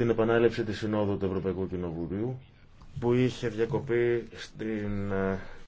την επανάληψη της Συνόδου του Ευρωπαϊκού Κοινοβουλίου που είχε διακοπεί στην ε,